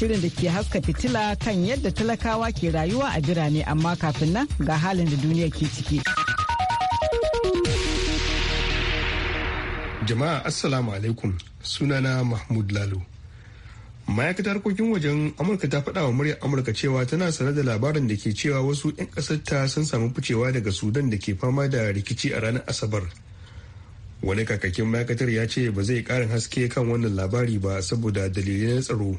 shirin da ke haska fitila kan yadda talakawa ke rayuwa a birane amma kafin nan ga halin da duniya ke ciki. Jama'a Assalamu alaikum sunana Mahmud Lalo. Ma'aikatar harkokin wajen Amurka ta faɗa wa muryar Amurka cewa tana sanar da labarin da ke cewa wasu 'yan ta sun samu ficewa daga Sudan da ke fama da rikici a ranar Asabar. wani kakakin ma'aikatar ya ce ba zai karin haske kan wannan labari ba saboda dalilai na tsaro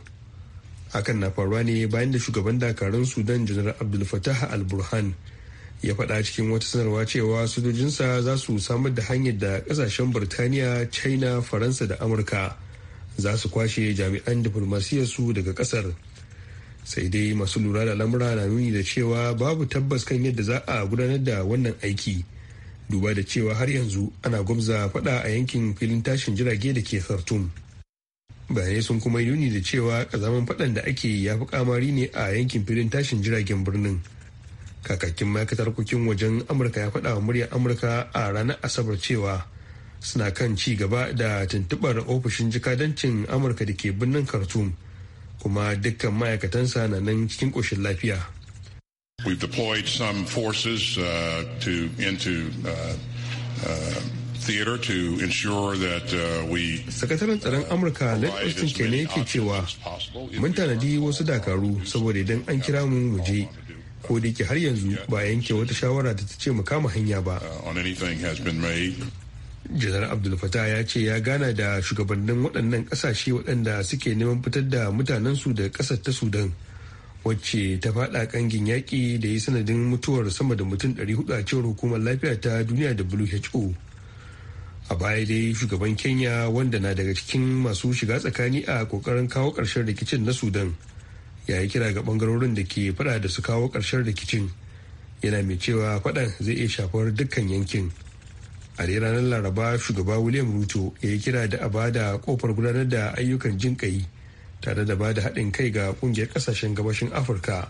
hakan na faruwa ne bayan da shugaban dakarun sudan janar abdul fatah al-burhan ya faɗa cikin wata sanarwa cewa sojojinsa za su samar da hanyar da ƙasashen birtaniya china faransa da amurka za su kwashe jami'an su daga ƙasar sai dai masu lura da lamura na nuni da cewa babu tabbas kan yadda za a gudanar da wannan aiki duba da cewa har yanzu ana gwamza faɗa a yankin filin tashin jirage da ke khartoum bayanai sun kuma nuni da cewa kazaman faɗan da ake ya fi kamari ne a yankin filin tashin jiragen birnin kakakin ma'aikatar kukin wajen amurka ya faɗa wa muryar amurka a ranar asabar cewa suna kan ci gaba da tuntuɓar ofishin jikadancin amurka da ke birnin khartoum kuma dukkan ma'aikatansa na nan cikin koshin lafiya We've deployed some forces uh, to into uh, uh, theater to ensure that uh, we Sakataren tsaron Amurka na Austin Kene yake cewa mun tanadi wasu dakaru saboda idan an kira mu waje ko da yake har yanzu ba a yanke wata shawara da ta ce mu kama hanya ba. Uh, janar abdul fatah ya ce ya gana da shugabannin waɗannan ƙasashe waɗanda suke neman fitar da mutanensu da ƙasar ta sudan wacce ta faɗa ƙangin yaƙi da ya sanadin mutuwar sama da mutum 400 a cewar hukumar lafiya ta duniya who a baya dai shugaban kenya wanda na daga cikin masu shiga tsakani a kokarin kawo karshen rikicin na sudan ya yi kira ga bangarorin da ke fada da su kawo karshen rikicin yana mai cewa fadan zai iya shafar dukkan yankin a dai ranar laraba shugaba william ruto ya yi kira da a bada kofar gudanar da ayyukan jin kai tare da bada haɗin kai ga ƙungiyar ƙasashen gabashin afirka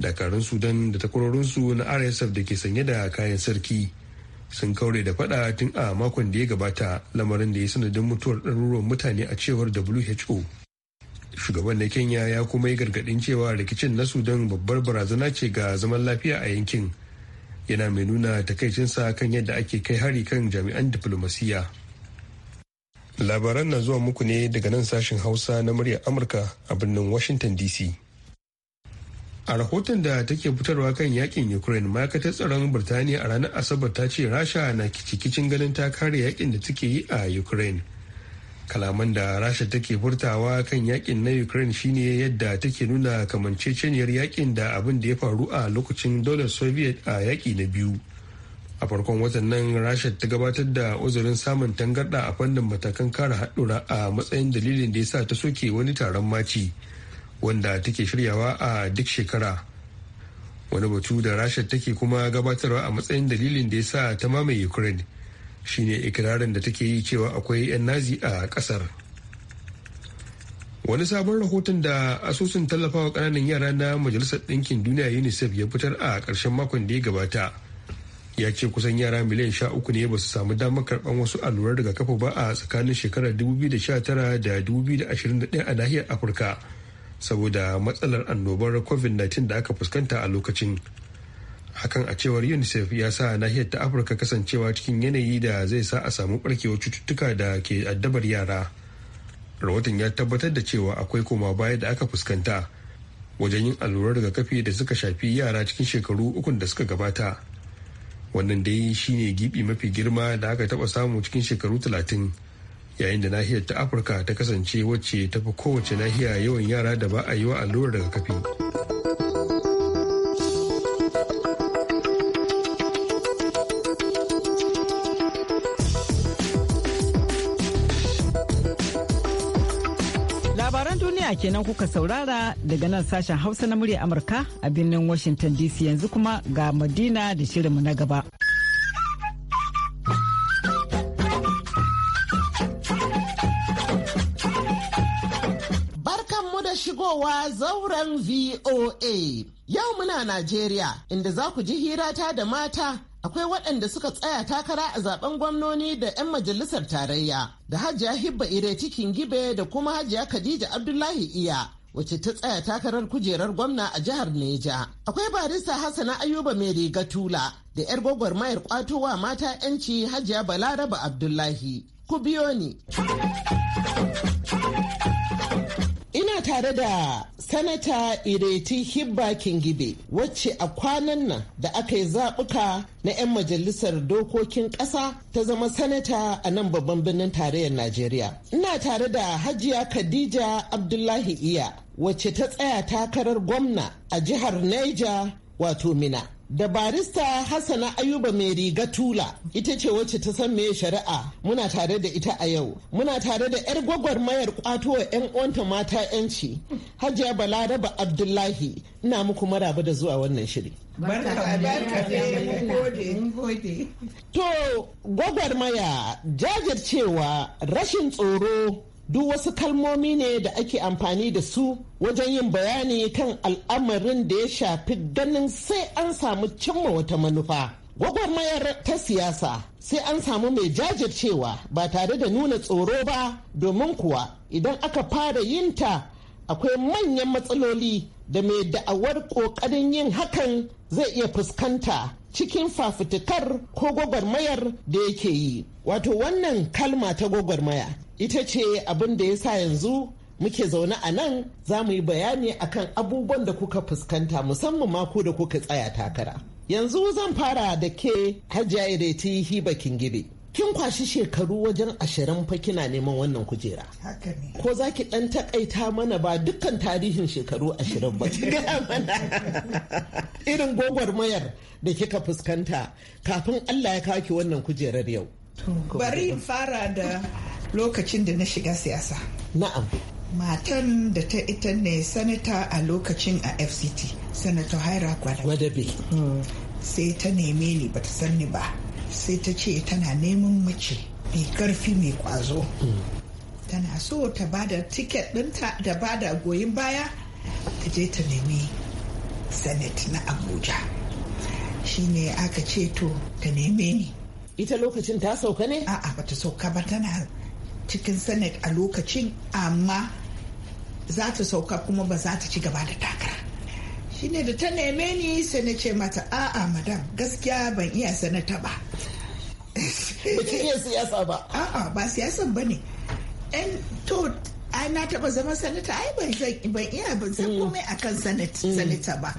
dakarun sudan da takwarorinsu na rsf da ke sanye da kayan sarki sun kaure da fada tun a makon da ya gabata lamarin da ya sanadin mutuwar ɗaruruwan mutane a cewar who shugaban na kenya ya kuma yi gargaɗin cewa rikicin na sudan babbar barazana ce ga zaman lafiya a yankin yana mai nuna takaicinsa kan yadda ake kai hari kan jami'an diflomasiyya labaran na zuwa muku ne daga nan sashen hausa na muryar amurka a birnin washington dc a rahoton da take fitarwa kan yakin ukraine ma'aikatar tsaron birtaniya a ranar asabar ta ce rasha na kicikicin ganin ta kare yakin da take yi a ukraine kalaman da rasha take furtawa kan yakin na ukraine shine yadda take nuna kamanceceniyar yakin da abin da ya faru a lokacin Dole soviet a yaki na biyu a farkon watan nan rasha ta gabatar da uzurin samun tangarda a fannin matakan kare haɗura a matsayin dalilin da ya sa ta soke wani taron maci. wanda take shiryawa a duk shekara wani batu da rasha take kuma gabatarwa a matsayin dalilin da ya sa ta mamaye ukraine shine ikirarin da take yi cewa akwai 'yan nazi a kasar wani sabon rahoton da asusun tallafawa kananan yara na majalisar ɗinkin duniya unicef ya fitar a ƙarshen makon da ya gabata ya ce kusan yara miliyan sha uku ne ba su samu damar karɓar wasu allurar kafa ba a tsakanin shekarar 2019 da 2021 a nahiyar afirka saboda matsalar annobar covid-19 da aka fuskanta a lokacin hakan a cewar unicef ya sa nahiyar ta afirka kasancewa cikin yanayi da zai sa a samu barkewar cututtuka da ke addabar yara rahoton ya tabbatar da cewa akwai koma baya da aka fuskanta wajen yin allurar kafi da suka shafi yara cikin shekaru ukun da suka gabata wannan dai shine gibi mafi girma da aka taba samu cikin shekaru talatin yayin da nahiyar ta afirka ta kasance wacce ta fi kowace nahiya yawan yara da ba a yi wa allurar rigakafi labaran duniya kenan kuka saurara daga nan sashen hausa na murya amurka a birnin washington dc yanzu kuma ga madina da shirinmu na gaba Kowa zauren VOA. Yau muna Najeriya inda za ku ji hirata da mata akwai waɗanda suka tsaya takara a zaben gwamnoni da 'yan majalisar tarayya da hajiya hibba ire cikin gibe da kuma hajiya khadija abdullahi iya wacce ta tsaya takarar kujerar gwamna a jihar neja akwai barista hassana ayuba mai riga tula da 'yar gwagwarmayar kwatowa mata 'yanci hajiya balaraba abdullahi ku biyo ni Ina tare da Sanata Ireti Hibba Kingibe wacce a kwanan nan da aka yi zaɓuka na 'yan majalisar dokokin ƙasa ta zama sanata a nan babban birnin tarayyar Najeriya. Ina tare da Hajiya Khadija Abdullahi Iya wacce ta tsaya takarar gwamna a jihar Niger wato Mina. da barista hassana ayuba mai riga tula ita ce wacce ta san meye shari'a muna tare da ita a yau muna tare da yar gwagwarmayar kwatuwa yan uwanta mata yanci hajiya balaraba abdullahi ina muku maraba da zuwa wannan shiri to gwagwarmaya jajircewa rashin tsoro duk wasu kalmomi ne da ake amfani da su wajen yin bayani kan al'amarin da ya shafi ganin sai an samu cimma wata manufa. gwagwarmayar ta siyasa sai an samu mai jajircewa ba tare da nuna tsoro ba domin kuwa idan aka fara yin ta akwai manyan matsaloli da mai da'awar ƙoƙarin yin hakan zai iya fuskanta cikin fafutukar ko gwagwarmayar da yake yi wato wannan kalma ta gwagwarmaya ita ce abin da ya sa yanzu muke zaune a nan za mu yi bayani akan abubuwan da kuka fuskanta musamman mako da kuka tsaya takara yanzu zan fara da ke hajiya ireti hiba kingibe kin kwashi shekaru wajen ashirin fa kina neman wannan kujera ko za ki dan takaita mana ba dukkan tarihin shekaru ashirin ba mana irin gwagwarmayar da kika fuskanta kafin allah ya kawo ki wannan kujerar yau bari in fara da lokacin da na shiga siyasa na'am matan da ta ita ne sanata a lokacin a fct sanata haira gwadabe hmm. sai ta neme ni bata san ni ba sai ta ce tana neman mace mai karfi mai kwazo tana so ta bada tiket ɗinta da bada goyon baya ta je ta nemi senate na abuja shine aka ce to ta neme ni ita lokacin ta sauka ne a'a bata sauka ba tana cikin senate a lokacin amma za ta sauka kuma ba za ta ci gaba da takara ne da ta neme ni sai na ce mata a'a madam gaskiya ban iya sanata ba ki iya siyasa ba a'a ba siyasan ba ne to ai na taba zama sanata ai ban iya ban san mm. komai kan mm. sanata ba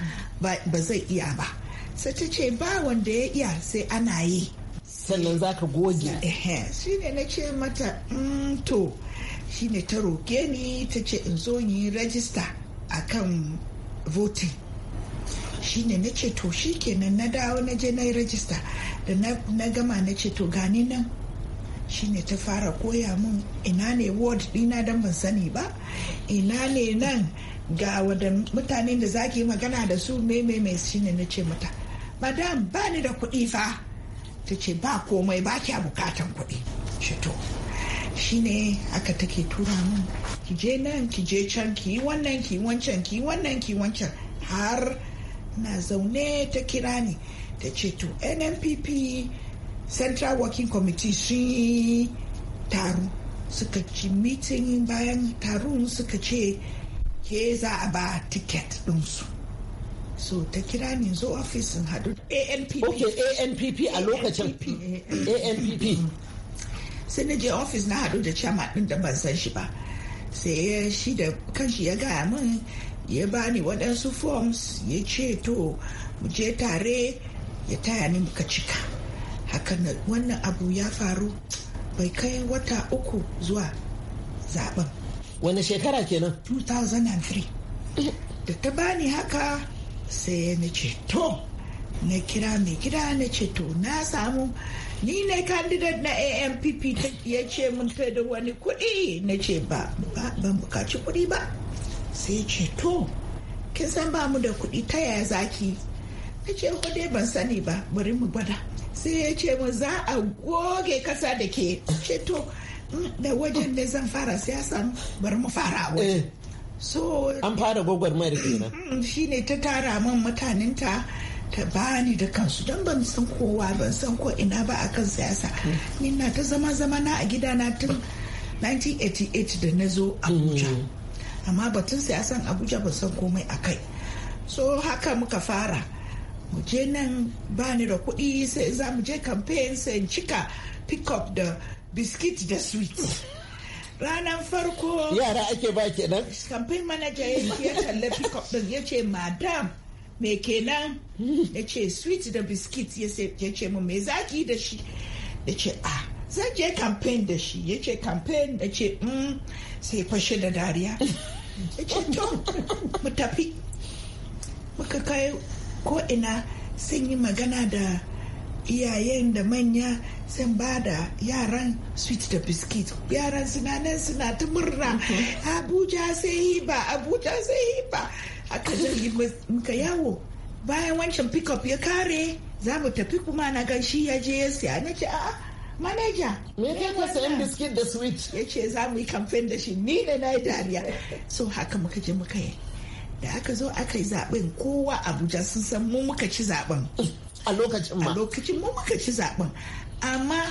ba zai iya ba sai ta ce ba wanda ya iya sai ana yi sannan za ka goge shi ne na ce mata mm, to shi ne ta roke ni ta ce in zo yi rajista a kan voting shine na ce to shi kenan na dawo na je na yi rajista da na gama na ce to gani nan shine ta fara koya mun ina ne ward dina don ban sani ba ina ne nan ga wadda mutanen da zaki magana da su maimai mai shine na ce mata madam ba ni da kuɗi fa ta ce ba komai ba kya bukatan kuɗi shi shine aka take tura mun ki je nan ki je can ki wannan ki wancan ki wannan ki wancan har na zaune ta kira ni ta ce to nnpp central working committee sun yi taro suka ci meeting bayan taron suka ce ke za a ba tiket dinsu so ta kira ni zo ofisin hadu anpp ok anpp a lokacin anpp sai na je ofis na hadu da chairman din da ban san shi ba sai shi da kanshi ya gaya min ya bani waɗansu forms ya ce to mu je tare ya taya ni muka cika hakan wannan abu ya faru bai kai wata uku zuwa zaben wani shekara kenan 2003 da ta bani haka sai na nace to na kira mai gida na ce to na samu ni ne candidate na ampp ya ce mun da wani kuɗi na ce ba ban bukaci kuɗi ba sai ce to kin san ba mu da kuɗi ta yaya zaki na ce dai ban sani ba bari mu gwada sai ya ce mu za a goge kasa da ke ce to mm, da wajen da zan fara sai san bari mu fara a eh. so an fara gwagwarmayar kenan mm, mm, shine ta tara man mutanenta ta bani da kansu don ban san kowa ban san ko ina ba a kan siyasa ni na ta zama zama na a gidana tun 1988 da na zo abuja amma batun sai san abuja ba san komai a kai so haka muka fara mu je nan ba ni da kuɗi sai za mu je campaign sai cika pick up da biskit da sweet ranar farko yara ake ba kenan campaign manager ya talla pick up din ya ce madam me kenan ya ce sweet da biscuit ya ce mu me zaki da shi ya ce ah zan je campaign da shi ya ce campaign ya ce mm. sai fashe da dariya mu kai ko ina sun yi magana da iyayen da manya sun ba da yaran sweet da biscuit. yaran suna suna ta murna mhm. abuja sai ba abuja sai hiba aka yi muka yawo bayan wancan pickup ya kare za mu tafi kuma na gan shi ya je ya siya na ce a'a manaja me kai ka sayan biskit da sweet ya ce za mu yi kamfen da shi ni da na yi dariya so haka muka je muka yi da aka zo aka yi zaben kowa abuja sun san mu muka ci zaben a lokacin ma a lokacin mu muka ci zaben amma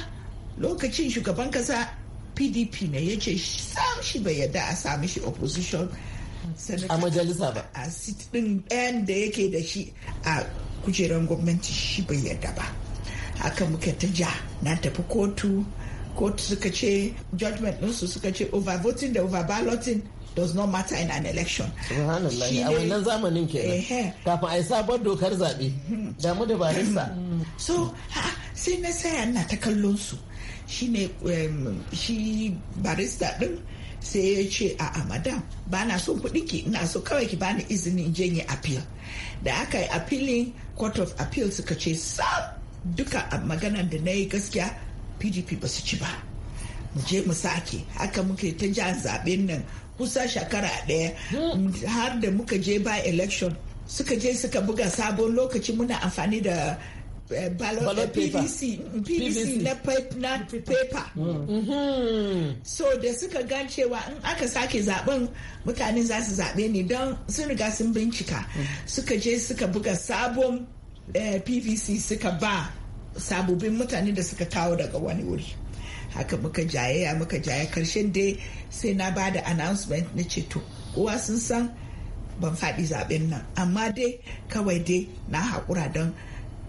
lokacin shugaban kasa pdp ne ya ce sam shi bai yarda a sami shi opposition a majalisa ba a sitin ɗayan da yake da shi a kujerar gwamnati shi bai yarda ba haka muka ta ja na tafi kotu kotu suka ce judgment ɗinsu suka ce over voting da over balloting does not matter in an election. Subhanallah a wannan zamanin kenan. Kafin a yi sabon dokar zaɓe. Hmm. Damu da barista. Hmm. So sai na saya na ta kallon su. Shi ne shi barista din sai ya ce a madam ba na son kuɗi ki ina so kawai ki bani izinin janye appeal. Da aka yi appealing court of appeal suka ce sam duka maganan da na yi gaskiya pdp ba su ci ba mu je mu sake haka muke ta jihar zaben nan kusa shekara ɗaya har da muka je by election suka je suka buga sabon lokaci muna amfani da eh, eh, pvc na paper mm-hmm. so da suka gan cewa in aka sake zaben mutane za su zaɓe ne don sun riga sun bincika mm. suka je suka buga sabon Eh, pvc suka ba sabobin mutane da suka kawo daga wani wuri haka muka jayaya muka jaya karshen dai sai na ba da announcement na ceto kowa sun san ban faɗi zaɓen nan amma dai kawai dai na haƙura don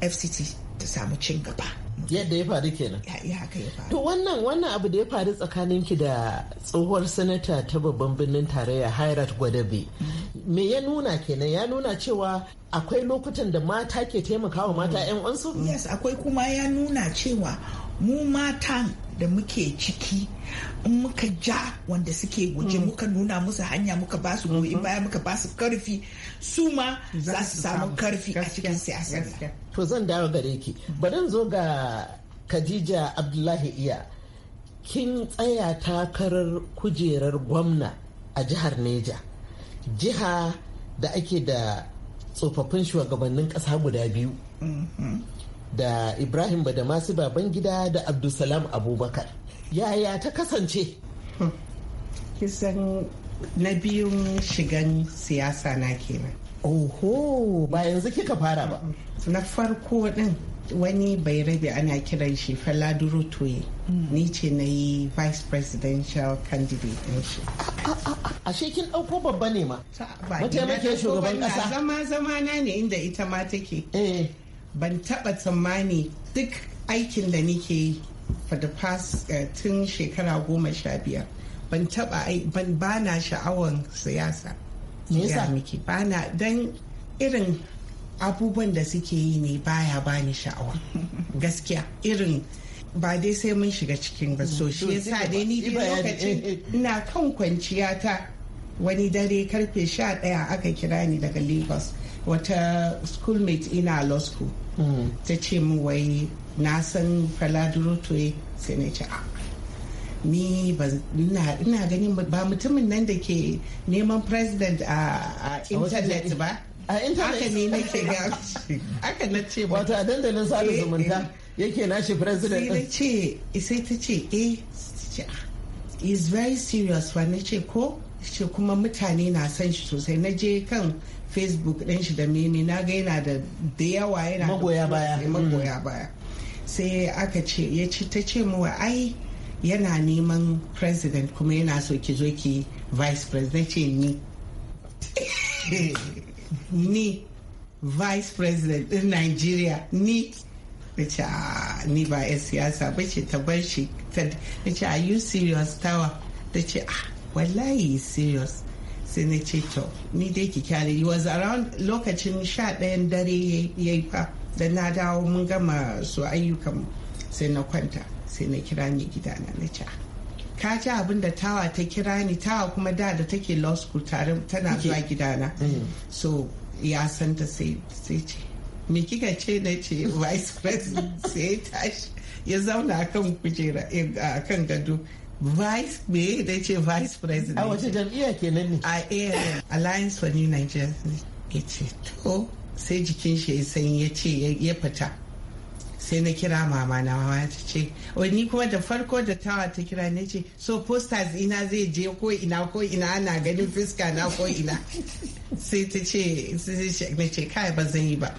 fct ta samu cin gaba yadda ya faru kenan ya haka ya faru to wannan wannan abu da ya faru tsakaninki da tsohuwar sanata ta babban birnin tarayya hairat gwadabe mm me ya nuna kenan ya nuna cewa akwai lokutan da mata ke taimakawa mata 'yan mm. uwansu? yes akwai kuma ya nuna cewa mu matan da muke ciki in muka ja wanda suke guje mm. muka nuna musu hanya muka ba su goyi mm-hmm. baya muka ba su karfi su ma za su samu karfi a cikin siyasar to zan dawo gare ki bari zo ga khadija abdullahi iya kin tsaya takarar kujerar gwamna a jihar neja jiha da ake da tsofaffin shugabannin ƙasa guda biyu da ibrahim badamasi gida da abdulsalam abubakar yaya ta kasance kisan na biyun shigan siyasa na kenan oho ba yanzu kika fara ba na farko din wani bai rabe ana kiran shi faladuro toye mm. ni ce na yi vice presidential candidate din shi a kin ɗauko babba ne ma mataimakin shugaban ƙasa zama zama na ne inda ita ma take eh. ban taɓa tsammani duk aikin da nike yi for the past eh, tun shekara goma sha biyar ban taɓa ban bana sha'awan siyasa me yasa miki bana don irin abubuwan da suke yi ne baya bani sha'awa gaskiya irin ba dai sai mun shiga cikin ba so shi yasa dai ni dai lokacin ina kan kwanciya ta wani dare karfe sha ɗaya aka kira ni daga lagos wata schoolmate ina law school hmm. ta ce min wai na san faladuro eh. sai na ce a ah, ni ina ganin ba mutumin nan da ke neman president a internet ba a intanet haka ne nake ga na ce wato a dandalin sada eh, zumunta eh. yake nashi president sai ce sai ta ce eh is very serious wa na ce ko ce kuma mutane na san shi sosai na je kan facebook ɗin shi da mene na ga yana da da yawa yana magoya baya magoya hmm. baya sai aka ce ya ci ta ce mawa ai yana neman president kuma yana so ki zo ki vice president ce ni ni vice president din nigeria ni ce ah, ni ba 'yan siyasa ba ce ta bar shi ta ce are you serious tawa ta ce ah wallahi serious sai na ce to ni dai ki kyale yi was around lokacin sha ɗayan dare ya yi fa da na dawo mun gama su ayyukan sai na kwanta sai na kira ni gidana na ce ah, ka ji abin da tawa ta kira ni tawa kuma da da take law school tare tana zuwa gidana mm. so ya san ta sai ce me kika ce na ce vice president sai tashi ya zauna kan kujera eh, kan gado vice me da ce vice president a wace jam'iyya kenan ne a air eh, alliance for new nigeria ya ce to sai jikin shi ya sanya ya ce ya fita sai na kira mama na mama ta ce wani kuma da farko da tawa ta kira na ce so posters ina zai je ko ina ko ina ana ganin fuska na ko ina sai ta ce na ce kai ba zan yi ba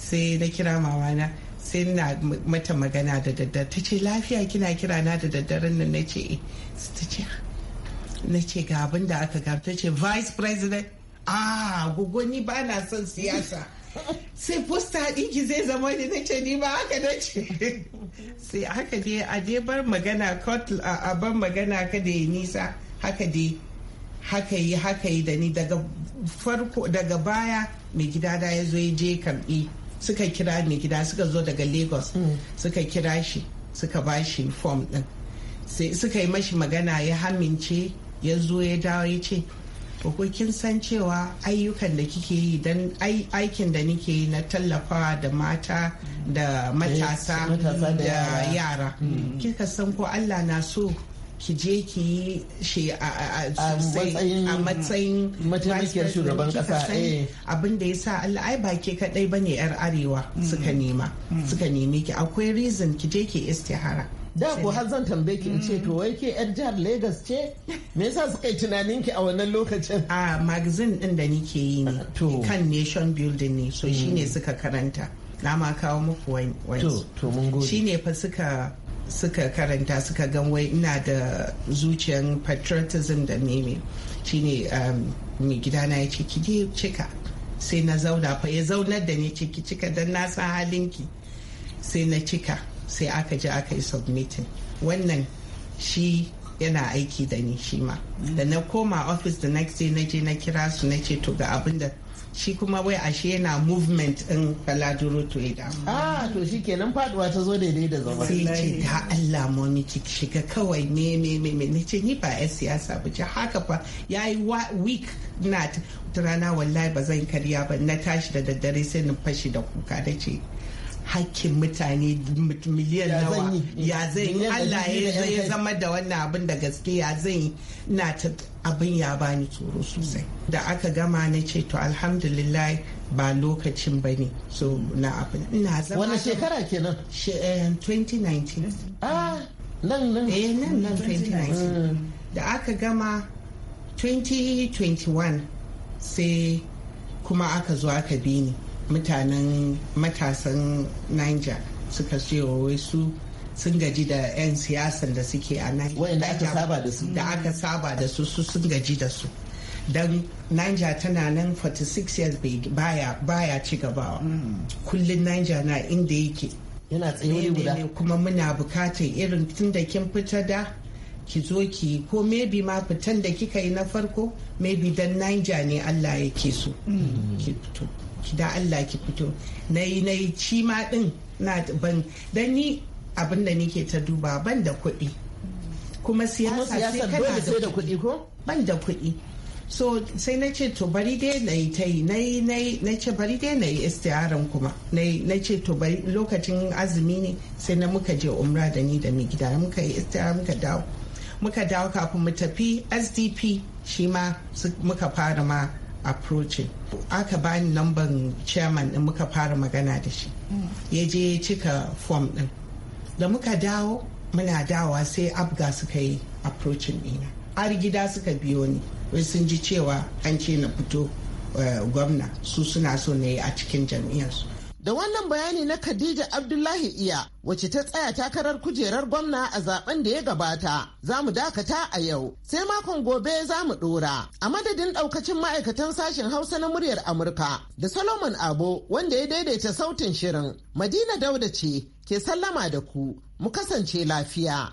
sai na kira mama na sai na mata magana da daddare ta ce lafiya kina kira na da daddaren nan na ce eh. ta ce na ce ga abin da aka gabta ce vice president ah gugu ni ba na son siyasa sai fusta ɗinki zai zama ne ce ni ba haka ce sai haka dai a dai bar magana a bar magana ka da ya nisa haka dai haka yi haka yi da ni daga farko daga baya mai gida da ya zo ya je karbi suka kira mai gida suka zo daga lagos mm. suka kira shi suka ba shi form ɗin sai suka yi mashi magana ya hamince ya zo ya dawo ya ce to kin san cewa ayyukan da kike yi don aikin da nike yi na tallafa da mata da matasa da yara mm. kika san ko Allah na so ki je ki yi shi a matsayin mataimakiyar shugaban kasa eh. abin da ya sa Allah ai ba ke kadai bane yar arewa mm. suka nema mm. suka neme ki akwai reason ki je ki istihara da ko har zan tambaye ki in ce mm. to wai ke yar jihar Lagos ce me yasa suka yi tunaninki a wannan lokacin a magazine din da nike yi ne kan nation building ne so shine mm. suka karanta na ma kawo muku wani to mun gode shine fa suka suka karanta suka gan wai ina da zuciyar patriotism da meme shine um, mai gidana ya ce ki cika sai na zauna fa ya zaunar da ni ciki cika dan na san halinki sai na cika sai aka je aka yi submitting wannan shi yana aiki da ni shi ma da na koma office the next day na je na kira su na ce to ga abin da shi kuma wai ashe yana movement in baladuro to damu ah to shi kenan faduwa ta zo daidai da zama sai ce ta Allah momi ki shiga kawai me me me me ce ni ba yan siyasa ba ce haka fa yayi week na rana wallahi ba zan karya ba na tashi da daddare sai na fashi da kuka da ce hakkin mutane miliyan nawa ya zai Allah ya zai zama da wannan abin da gaske ya zai na ta abin ya bani tsoro sosai da aka gama na ce to alhamdulillah ba lokacin ba ne so na abin na zama wani shekara kenan 2019 eh, ah nan nan eh nan nan 2019 mm. da aka gama 2021 sai kuma aka zo aka bi ni mutanen matasan niger suka wai su sun gaji da 'yan siyasan da suke a niger da aka saba da su su sun gaji da su don niger tana nan 46 years baya baya ci gabawa hmm. kullum niger na inda yake yana tsaye guda kuma muna bukatar irin tun da kin fita da ki zo ki ko maybe ma fitan da kika yi na farko maybe dan Niger ne Allah yake so hmm. ki fito da Allah ki fito na yi na yi cima ma din na ban dan ni abin da nike ta duba ban da kuɗi kuma siyasa sai kana da kuɗi ko ban da kuɗi so sai na ce to bari dai na yi ta yi na yi na ce bari dai na yi istiharan kuma na ce to bari lokacin azumi ne sai na muka je umra da ni da mai gida muka yi istihara muka dawo muka dawo kafin mu tafi sdp shi ma muka fara ma approaching aka bani lambar chairman din muka fara magana da shi ya je ya cika form din da muka dawo muna dawa sai abga suka yi approaching dina har gida suka biyo ni wai sun ji cewa an ce na fito eh, gwamna su suna so na yi a cikin jam'iyyarsu Da wannan bayani na Khadija Abdullahi Iya wacce ta tsaya takarar kujerar gwamna a zaben da ya gabata za mu dakata a yau sai makon gobe za mu ɗora. a madadin ɗaukacin ma'aikatan sashen hausa na muryar amurka da solomon abo wanda ya daidaita sautin shirin madina dauda ce ke sallama da ku mu kasance lafiya.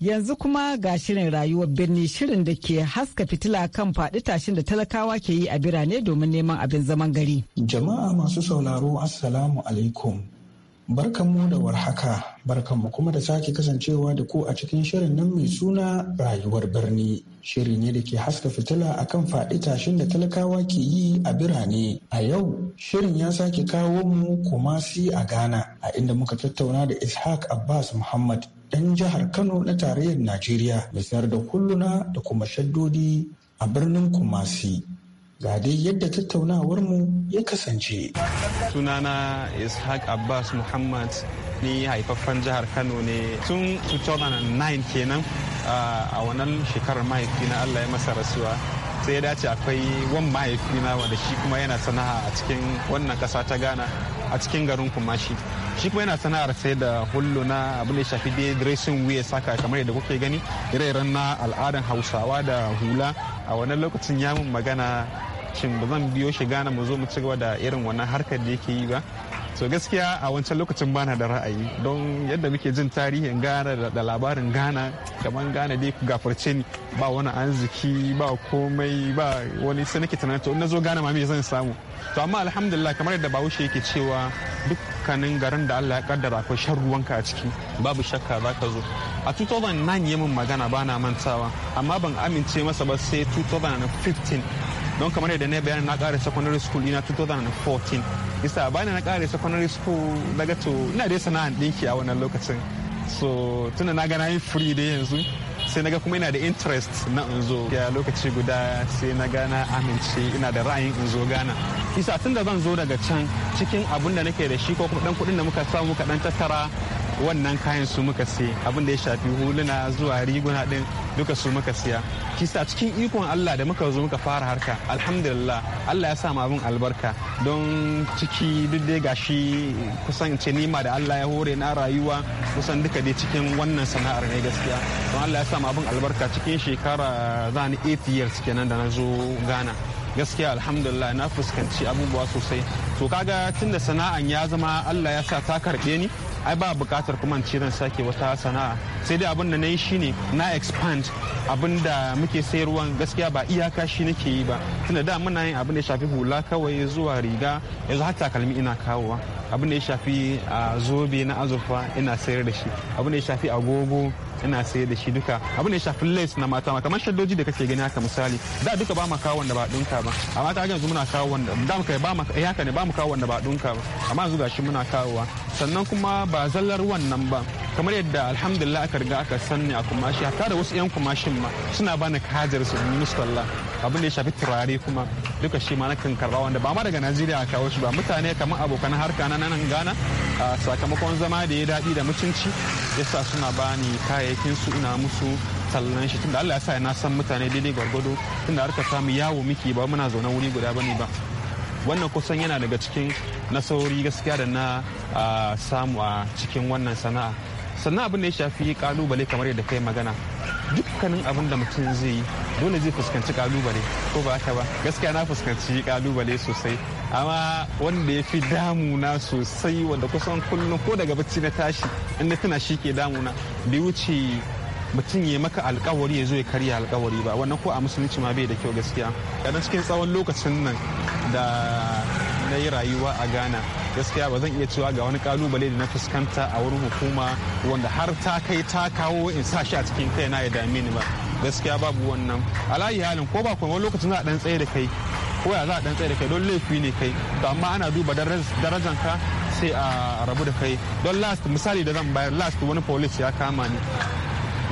Yanzu kuma ga shirin rayuwar birni shirin da ke haska fitila kan faɗi tashin da talakawa ke yi a birane domin neman abin zaman gari. Jama'a masu sauraro Assalamu alaikum. Barkanmu da warhaka, barkanmu kuma da sake kasancewa da ku a cikin shirin nan mai suna rayuwar birni. Shiri ne da ke haska fitila a kan faɗi tashin da talakawa ke yi a birane. A yau, shirin ya sake kawo mu Kumasi a Ghana, a inda muka tattauna da Ishaq Abbas Muhammad ɗan jihar Kano na tarayyar Najeriya mai sayar da kulluna da kuma shaddodi a birnin Kumasi. Ga dai yadda tattaunawar mu ya kasance. Sunana Ishaq Abbas Muhammad ni haifaffen jihar Kano ne tun 2009 kenan ah, a wannan shekarar mahaifina Allah ya masa rasuwa. sai ya dace akwai wan mahaifina wanda shi kuma yana sana'a a cikin wannan ƙasa ta Ghana a cikin garin kumashi shi kuma yana sana'ar sai da hullu na abin da shafi dai dressing wear saka kamar yadda kuke gani ire-iren na al'adan hausawa da hula a wannan lokacin ya mun magana shin ba zan biyo shi gana mu zo mu ci gaba da irin wannan harkar da yake yi ba so gaskiya a wancan lokacin bana da ra'ayi don yadda muke jin tarihin gana da labarin gana kamar gana dai gafarce ni ba wani arziki ba komai ba wani sai nake tunanin to na zo gana ma me zan samu to amma alhamdulillah kamar yadda bahaushe yake cewa dukkanin garin da allah ya kaddara akwai shan ruwanka a ciki babu shakka za ka zo a 2009 ya magana bana mantawa amma ban amince masa ba sai 2015 don kamar yadda na bayan na kare secondary school ina 2014 isa bani na kare secondary school daga to ina dai sana'an dinki a wannan lokacin so tunda na gana yin free da yanzu sai naga kuma ina da interest na in zo ya lokaci guda sai na gana amince ina da ra'ayin in gana isa tunda zan zo daga can cikin abun da nake da shi ko kuma dan kudin da muka samu kaɗan tattara wannan kayan su muka siya abin da ya shafi huluna zuwa riguna din duka su muka siya kisa cikin ikon Allah da muka zo muka fara harka alhamdulillah Allah ya sa mu abin albarka don ciki duk dai gashi kusan ce nima da Allah ya hore na rayuwa kusan duka dai cikin wannan sana'ar ne gaskiya don Allah ya sa mu abin albarka cikin shekara zani 8 years kenan da na zo Ghana gaskiya alhamdulillah na fuskanci abubuwa sosai to kaga tunda sana'an ya zama Allah ya sa ta karbe ni ai ba bukatar kuma ci zan sake wata sana'a sai dai abin da na yi shine na expand abin da muke sayarwa gaskiya ba iyaka shi nake yi ba tunda da muna yin abin da ya shafi hula kawai zuwa riga yanzu har takalmi ina kawowa abin da ya shafi ah, zobe na azurfa ina sayar da shi abin da ya shafi agogo ina saye da shi duka abin da ya shafi lace na mata ma kamar shaddoji da kake gani haka misali da duka ba mu kawo wanda ba dinka ba amma ta yanzu muna kawo wanda da muka ba mu eh haka ne ba mu kawo wanda ba dinka ba amma yanzu gashi muna kawowa sannan kuma ba zallar wannan ba kamar yadda alhamdulillah aka riga aka sanni a kumashi hatta da wasu 'yan kumashin ma suna bani kajar su musalla abin da ya shafi turare kuma duka shi ma na kan karba wanda ba ma daga najeriya a kawo shi ba mutane kamar abokan harka na nan gana sakamakon zama da ya daɗi da mutunci yasa suna bani kayayyakin su ina musu tallan shi tunda Allah ya sa na san mutane daidai gwargwado tunda harka samu yawo miki ba muna zaune wuri guda bane ba wannan kusan yana daga cikin nasarori gaskiya da na samu a cikin wannan sana'a sannan abin da ya shafi kalubale kamar yadda kai magana dukkanin abin da mutum zai yi dole zai fuskanci kalubale ko ba haka ba gaskiya na fuskanci kalubale sosai amma wanda ya fi damuna sosai wanda kusan kullum ko daga bacci na tashi in na tuna shi ke damuna bai wuce mutum ya maka alkawari ya zo ya karya alkawari ba wannan ko a musulunci ma bai da kyau gaskiya kadan cikin tsawon lokacin nan da na yi rayuwa a ghana gaskiya ba zan iya cewa ga wani kalubale da na fuskanta a wurin hukuma wanda har ta kai ta kawo in sa shi a cikin kai na ya dame ni ba gaskiya babu wannan alayi halin ko ba kuma lokacin za a dan tsaye da kai ko ya za a dan tsaye da kai don laifi ne kai to amma ana duba darajan ka sai a rabu da kai don last misali da zan bayar last wani police ya kama ni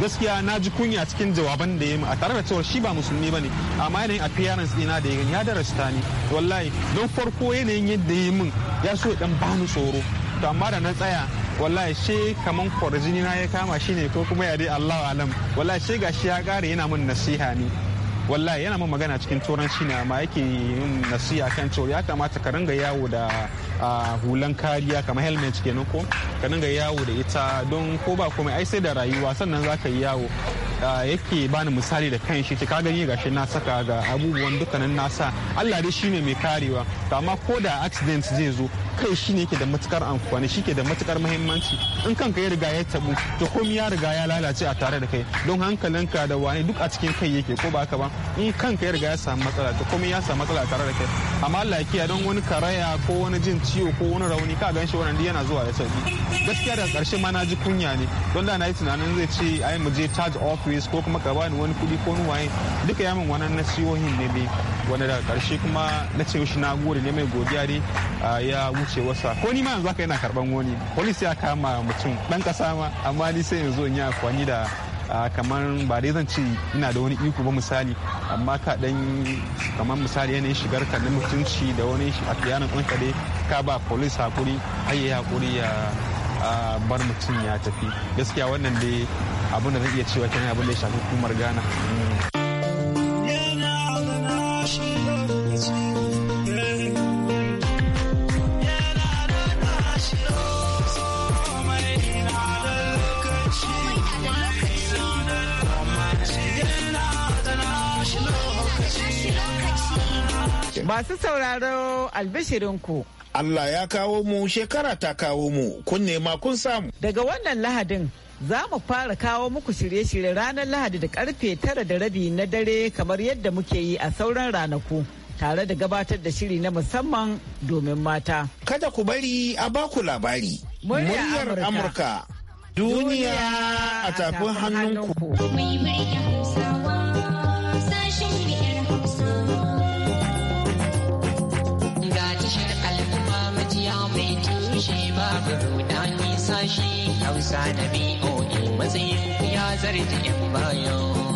gaskiya na ji kunya cikin jawaban da ya a tare da cewa shi ba musulmi bane amma yanayin appearance ɗina da ya gani ya darasta ni wallahi don farko yanayin yadda ya min ya so ya dan bani tsoro to amma da na tsaya wallahi shi kaman kwarjini na ya kama shi ne ko kuma ya da Allah alam wallahi shi gashi ya kare yana min nasiha ne wallahi yana min magana cikin turanci ne ma yake yin nasiha kan cewa ya kamata ka ringa yawo da hulan kariya kamar helmet kenan ko ka ringa yawo da ita don ko ba komai ai sai da rayuwa sannan za ka yi yawo yake bani misali da kan shi ta kaga ni gashi na saka ga abubuwan dukkanin nasa Allah dai shine mai karewa amma ko da accident zai zo kai shine yake da matukar amfani shi ke da matukar muhimmanci in kanka ya riga ya tabu to komai ya riga ya lalace a tare da kai don hankalinka da wani duk a cikin kai yake ko ba haka ba in kanka ya riga ya samu matsala to komai ya samu matsala a tare da kai amma Allah ya don wani karaya ko wani jin ciwo ko wani rauni ka gan shi wannan yana zuwa da sauki gaskiya daga karshe ma na ji kunya ne don da na yi tunanin zai ce ai mu je charge off twist ko kuma ka bani wani kudi ko nuwaye duka ya min wannan nasihohin ne ne wanda daga karshe kuma na ce shi na gode ne mai godiya dai ya wuce wasa ko ni ma yanzu haka yana karban wani police ya kama mutum dan kasa ma amma ni sai yanzu in yi amfani da kamar ba dai zan ce ina da wani iko ba misali amma ka dan kamar misali yana shigar ka na mutunci da wani a tiyanin ɗanka dai ka ba polis hakuri ayyaya hakuri ya bar mutum ya tafi gaskiya wannan dai abin da zan iya cewa kenan abin da ya shafi hukumar ghana Masu sauraro albishirinku. Allah ya kawo mu shekara ta kawo mu kun nema kun samu. Daga wannan lahadin za mu fara kawo muku shirye-shirye ranar Lahadi da karfe tara da rabi na dare kamar yadda muke yi a sauran ranaku. Tare da gabatar da shiri na musamman domin mata. Kada ku bari a baku labari. Muryar Amurka. Duniya a tafin hannunku. shi hausa na B-O-E, matsayin ya zarji yan bayan